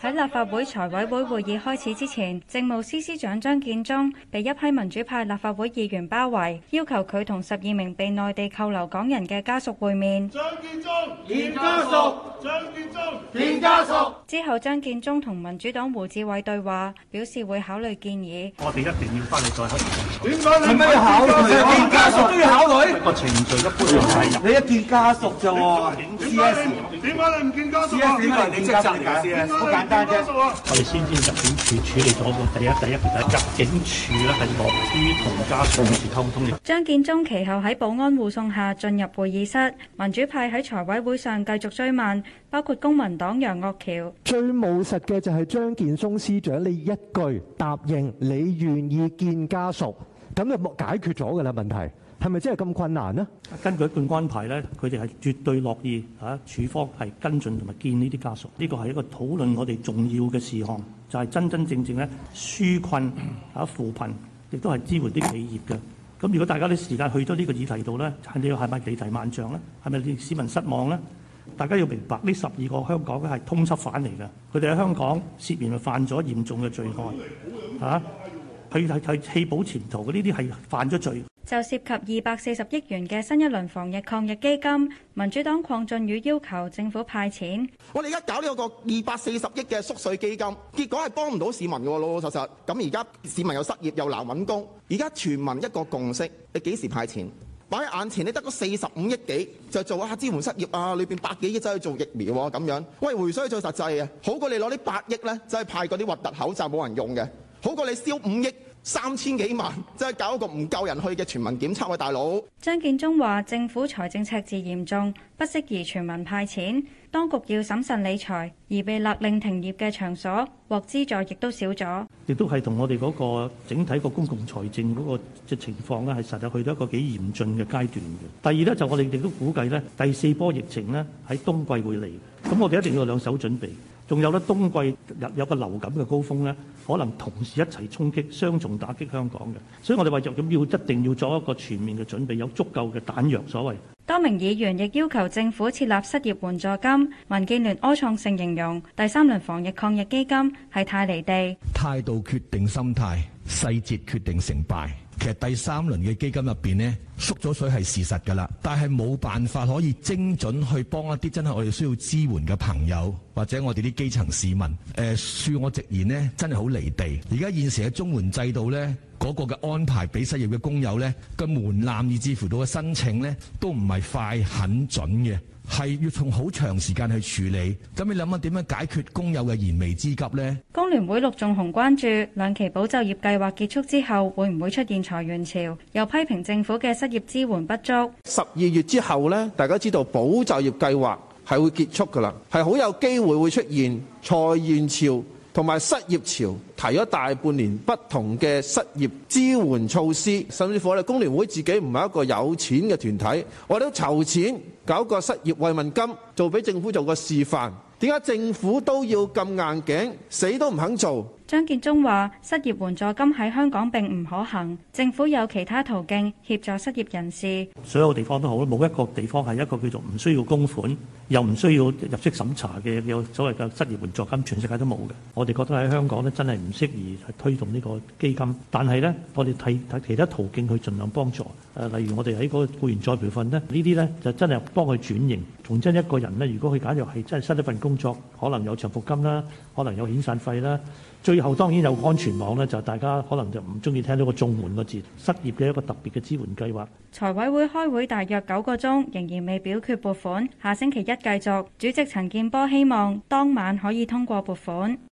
喺立法會財委會會議開始之前，政務司司長張建宗被一批民主派立法會議員包圍，要求佢同十二名被內地扣留港人嘅家屬會面。張建宗見家屬，張建宗見家屬，之後，張建宗同民主黨胡志偉對話，表示會考慮建議。點解你唔考慮啊？個程序一般係你一見家屬啫喎，點解你點解你唔見家屬？點解唔見家屬嘅事啊？好簡單啫，係先先入境處處理咗嘅，第一第一第一入境處啦，係樂於同家屬處溝通嘅。張建宗其後喺保安護送下進入會議室，民主派喺財委會上繼續追問，包括公民黨楊岳橋。最務實嘅就係張建宗司長，你一句答應，你願意見家屬，咁就冇解決咗㗎喇問題。係咪真係咁困難咧？根據一貫安排咧，佢哋係絕對樂意嚇處方係跟進同埋見呢啲家屬。呢個係一個討論我哋重要嘅事項，就係真真正正咧紓困嚇扶貧，亦都係支援啲企業嘅。咁如果大家啲時間去咗呢個議題度咧，係咪係咪議題萬象咧？係咪令市民失望咧？大家要明白，呢十二個香港係通緝犯嚟㗎，佢哋喺香港涉嫌係犯咗嚴重嘅罪案嚇，佢係係棄保潛逃，佢呢啲係犯咗罪。就涉及二百四十億元嘅新一輪防疫抗疫基金，民主黨鄺俊宇要求政府派錢。我哋而家搞呢個二百四十億嘅縮稅基金，結果係幫唔到市民嘅，老老實實。咁而家市民又失業又難搵工，而家全民一個共識，你幾時派錢？擺喺眼前，你得嗰四十五億幾就做下、啊、支援失業啊，裏邊百幾億走去做疫苗喎、啊，咁樣喂，回衰再實際啊，好過你攞呢八億咧，就去、係、派嗰啲核突口罩冇人用嘅，好過你燒五億。三千幾萬，即係搞一個唔夠人去嘅全民檢測嘅大佬。張建宗話：政府財政赤字嚴重，不適宜全民派錢。當局要審慎理財，而被勒令停業嘅場所獲資助亦都少咗。亦都係同我哋嗰個整體個公共財政嗰個嘅情況呢，係實在去到一個幾嚴峻嘅階段嘅。第二呢，就我哋亦都估計呢第四波疫情呢喺冬季會嚟，咁我哋一定要兩手準備。仲有咧，冬季入有個流感嘅高峰咧，可能同時一齊衝擊，雙重打擊香港嘅，所以我哋話要要一定要做一個全面嘅準備，有足夠嘅彈藥，所謂。多名議員亦要求政府設立失業援助金。民建聯柯創盛形容第三輪防疫抗疫基金係太離地。態度決定心態，細節決定成敗。其實第三輪嘅基金入面呢縮咗水係事實㗎啦，但係冇辦法可以精準去幫一啲真係我哋需要支援嘅朋友，或者我哋啲基層市民。誒、呃、恕我直言呢真係好離地。而家現時嘅綜援制度呢，嗰、那個嘅安排俾失業嘅工友呢，個門檻以至乎到嘅申請呢，都唔係快很準嘅。係要從好長時間去處理，咁你諗下點樣解決工友嘅燃眉之急呢？工聯會陸仲雄關注兩期保就業計劃結束之後，會唔會出現裁員潮？又批評政府嘅失業支援不足。十二月之後呢，大家知道保就業計劃係會結束噶啦，係好有機會會出現裁員潮同埋失業潮。提咗大半年不同嘅失業支援措施，甚至乎我哋工聯會自己唔係一個有錢嘅團體，我哋都籌錢。搞個失業慰問金做俾政府做個示範，點解政府都要咁硬頸，死都唔肯做？張建宗話：失業援助金喺香港並唔可行，政府有其他途徑協助失業人士。所有地方都好啦，冇一個地方係一個叫做唔需要供款又唔需要入息審查嘅有所謂嘅失業援助金，全世界都冇嘅。我哋覺得喺香港咧真係唔適宜去推動呢個基金，但係咧我哋睇睇其他途徑去儘量幫助。誒，例如我哋喺嗰個僱員再培訓咧，呢啲咧就真係幫。幫佢轉型。從真一個人咧，如果佢假若係真係失咗一份工作，可能有長服金啦，可能有遣散費啦。最後當然有安全網呢，就大家可能就唔鍾意聽到個綜援個字，失業嘅一個特別嘅支援計劃。財委會開會大約九個鐘，仍然未表決撥款，下星期一繼續。主席陳建波希望當晚可以通過撥款。